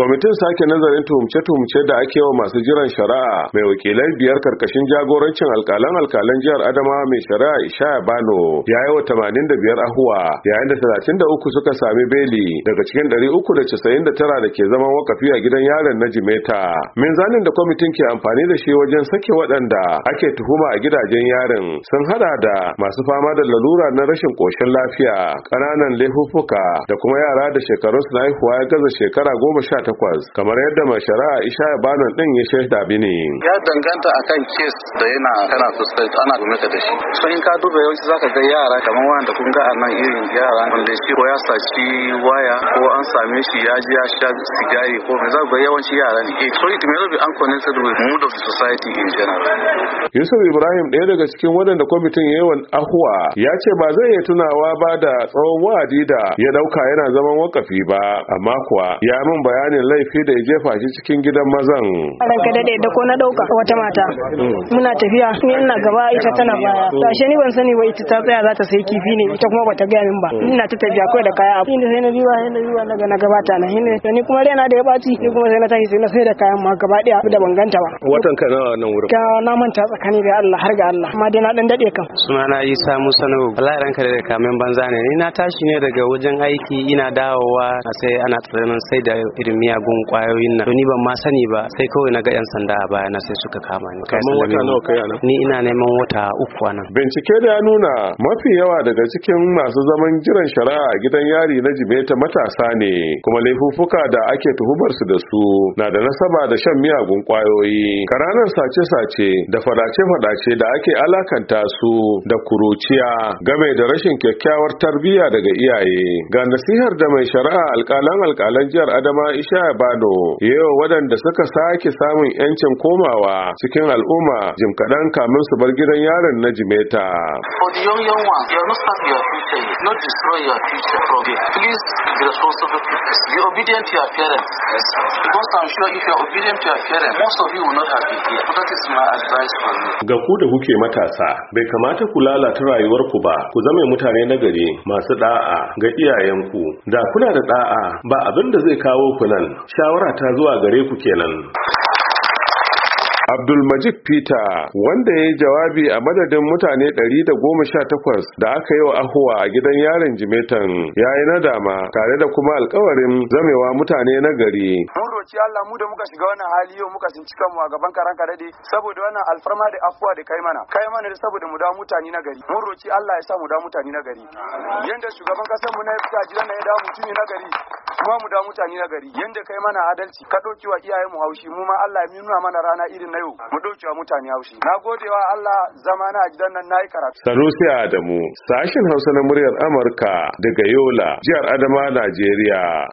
kwamitin sake nazarin tuhumce-tuhumce da ake wa masu jiran shari'a mai wakilai biyar karkashin jagorancin alkalan alkalan jihar adama mai shari'a ishaya bano ya yi wa tamanin da biyar ahuwa yayin da talatin da uku suka sami beli daga cikin ɗari uku da casa'in da tara da ke zaman wakafi a gidan yaron na jimeta minzanin da kwamitin ke amfani da shi wajen sake waɗanda ake tuhuma a gidajen yarin sun hada da masu fama da lalura na rashin ƙoshin lafiya ƙananan laifuffuka da kuma yara da shekarunsu na haihuwa ya gaza shekara goma sha kamar yadda mai shari'a isha banan din ya shaida bini ya danganta akan kes da yana kana fuskanta ana ka da shi so in ka duba yawanci zaka ga yara kamar wanda kun ga anan irin yara wanda shi ko ya saci waya ko an same shi ya ji ya sha sigari ko me zaka ga yawanci yara ne so it may be unconnected with mood of society in general Yusuf Ibrahim ɗaya daga cikin waɗanda kwamitin yawan ahuwa ya ce ba zai iya tunawa ba da tsawon wa'adi da ya ɗauka yana zaman wakafi ba amma kuwa ya min bayanin da laifi da ya jefa shi cikin gidan mazan ranka dade da ko na dauka wata mata muna tafiya ni ina gaba ita tana baya gashe ni ban sani ba ita ta tsaya za ta sai kifi ne ita kuma bata gaya min ba ina ta tafiya kai da kaya abu inda sai na biwa sai na biwa daga na gabata na hine ni kuma rena da ya baci ni kuma sai na tafi sai na sai da kayan ma gaba daya da ban ganta ba watan ka nawa nan wurin ka na manta tsakani da Allah har ga Allah amma dai na dan dade kan sunana Isa Musa Nuhu Allah ranka da kamen banza ne ni na tashi ne daga wajen aiki ina dawowa sai ana tsananin sai da irin miyagun kwayoyin nan to ni ban ma sani ba sai kawai naga ga yan sanda a baya na sai suka kama ni kai wata nawa kai anan ni ina neman wata uku anan bincike da ya nuna mafi yawa daga cikin masu zaman jiran shari'a a gidan yari na jibeta matasa ne kuma laifuffuka da ake tuhumar su da su na da nasaba da shan miyagun kwayoyi karanan sace-sace da fadace-fadace da ake alakanta su da kuruciya game da rashin kyakkyawar tarbiyya daga iyaye ga nasihar da mai shari'a alkalan alkalan jihar adama Aisha Bado yau waɗanda suka sake samun yancin komawa cikin al'umma jim kaɗan kamin su bar gidan yaron na Jimeta. Ga ku da kuke matasa, bai kamata ku lalata rayuwarku ba, ku zama mutane nagari masu da'a ga iyayenku. Da kuna da da'a ba abin da zai kawo ku nan Ramadan. Shawara ta zuwa gare ku kenan. Abdulmajid Peter wanda ya yi jawabi a madadin mutane 118 da aka yi wa ahuwa a gidan yaron Jimetan ya yi nadama tare da kuma alkawarin zamewa mutane na gari. Mun roci Allah mu da muka shiga wannan hali yau muka sun cika mu a gaban karan karade saboda wannan alfarma da afuwa da kai mana. Kai mana saboda mu da mutane na gari. Mun roci Allah ya sa mu da mutane na gari. Yanda shugaban kasar mu na ya fita jiran ya da mutumi na gari. kuma mu da mutane na gari yanda kai mana adalci ka ɗauki wa iyayenmu haushi mu ma Allah ya nuna mana rana irin na yau mu ɗauki wa mutane haushi na gode wa Allah zama na gidan nan nayi karatu Sanusi Adamu sashin Hausa na muryar Amurka daga Yola jihar Adama Najeriya